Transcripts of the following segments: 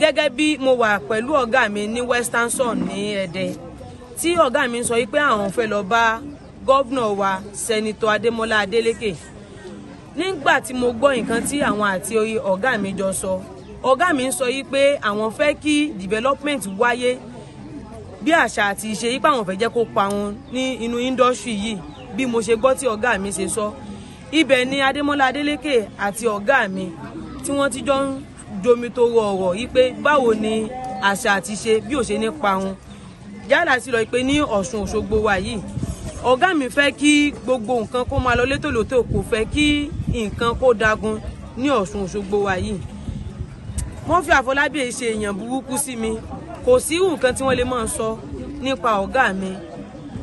gẹ́gẹ́ bí mo wà pẹ̀lú ọ̀gá mi ní Western Sun ní Ẹdẹ tí ọ̀gá mi sọ pé àwọn fẹ́ lọ bá gọ́vnọ̀ wa sẹ́nitọ́ Adémọ́lá Adélékè nígbà tí mo gbọ́ nǹkan tí àwọn àti ọ̀gá mi jọ sọ ọ̀gá mi sọ yìí àwọn fẹ́ kí development wáyé bí àṣà àti ìṣe yìí pé àwọn fẹ́ jẹ́ kó pa wọn ní inú industry yìí bí mo ṣe gbọ́ tí ọ̀gá mi ṣe sọ ibẹ̀ ni Adémọ́lá Adélékè àti ọ̀gá mi tí wọ́n ti jọ ń jomi tó rọ ọ̀rọ̀ yìí pé báwo ni àṣà àti ṣe bí ò ṣe ní parun yálà sí lọ pé ní Ọ̀ṣun Òṣogbo wa yìí ọ̀gá mi fẹ́ kí gbogbo nǹkan kó máa lọ létòlétò kò fẹ́ kí nǹkan kó dagun ní Ọ̀ṣun Òṣogbo wa yìí wọ́n fi Àfọlábí ṣe èèyàn burúkú sí mi kò sí nǹkan tí wọ́n lè máa sọ nípa ọ̀gá mi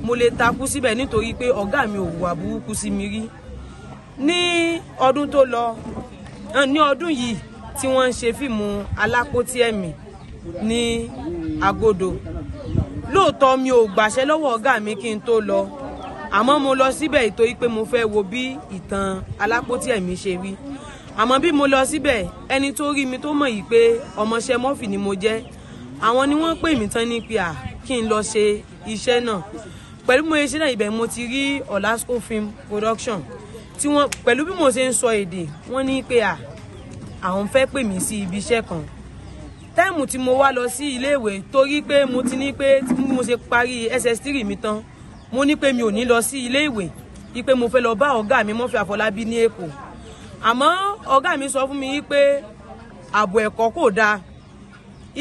mo lè takú síbẹ̀ nítorí pé ọ̀gá mi ò wà burúkú sí mi rí ní ọdún tó lọ ní ọdún yìí tí wọ́n ń ṣe fíìmù alápótí ẹ̀mí ní agodo lóòótọ́ mi ò gbàṣẹ lọ́wọ́ ọ̀gá mi kí n tó lọ àmọ́ mo lọ síbẹ̀ ìtorí pé mo fẹ́ wo bí ìtàn alápótí ẹ̀mí ṣe rí àmọ́ bí mo lọ síbẹ̀ ẹni tó rí mi tó mọ̀ yìí pé ọmọọṣẹ́ mọ́fì ni mo jẹ́ àwọn ni wọ́n pè mí tán ní pé à kí n lọ ṣe iṣẹ́ náà pẹ̀lú mo ṣe náà ibẹ̀ mo ti rí Olasco Film Production tí wọ́n pẹ̀lú bí mo ṣe ń sọ èdè wọ́n ní pé à àwọn fẹ́ pè mí sí ibi iṣẹ́ kan táìmù tí mo wá lọ sí iléèwé torí pé mo ti ní pé mo ṣe parí ss3 mi tán mo ní pé mi ò ní lọ sí iléèwé ipe mo fẹ́ lọ bá ọ̀gá mi Murphy Àfọlábí ní Èkó àmọ́ ọ̀gá mi sọ fún mi wípé ààbò ẹ̀kọ́ kò dáa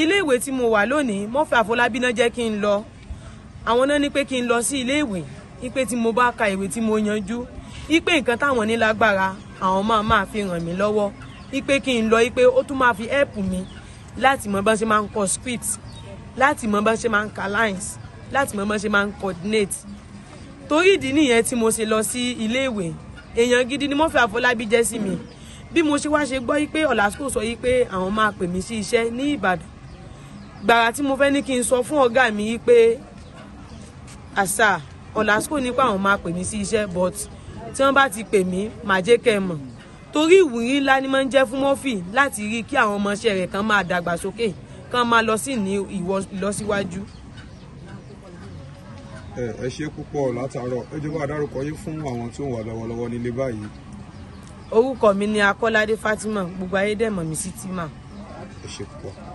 iléèwé tí mo wà lónìí Murphy Àfọlábí náà jẹ́ kí n lọ àwọn náà ní pé kí n lọ sí iléèwé ipe tí mo bá ka ìwé tí mo yanjú ipe nǹkan táwọn ní lágbára àwọn máa máa fi ràn mí lọ́wọ́ ipe kí n lọ ipe ó tún máa fi help mi láti mọ bá ṣe máa ń kọ script láti mọ bá ṣe máa ń ka lines láti mọ bá ṣe máa ń coordinate torí ìdí nìyẹn tí mo ṣe lọ sí ilé ìwé èèyàn gidi ni Murphy Àfọlábí jẹ́ sí mi bí mo ṣe wá ṣe gbọ́ yí pé ọ̀làsíkò sọ yí pé àwọn máa pè mí sí iṣẹ́ ní Ìbàdàn gbàrà tí mo fẹ́ ní kí n sọ fún ọ̀gá mi pé àṣà ọ̀làsíkò nípa àwọn máa pè mí sí iṣẹ́ but tí wọ́n bá ti pè mí màá jẹ́ kẹ́ ẹ mọ̀ torí ìwúrí ńlá ni máa ń jẹ́ fún Murphy láti rí kí àwọn ọmọọṣẹ́ rẹ̀ kan máa dàgbà sókè kan máa lọ sí ní ìlọsíwájú. ẹ ṣe púpọ̀ látàárọ̀ ẹ jẹ́ bá a dárúkọ yín fún àwọn tí ó ń wà lọ́wọ́lọ́wọ́ nílé báyìí. orúkọ mi ni Akọ́ládé Fatima gbogbo ayé dẹ̀ mọ̀ mí sí Tima. ẹ ṣe púpọ̀.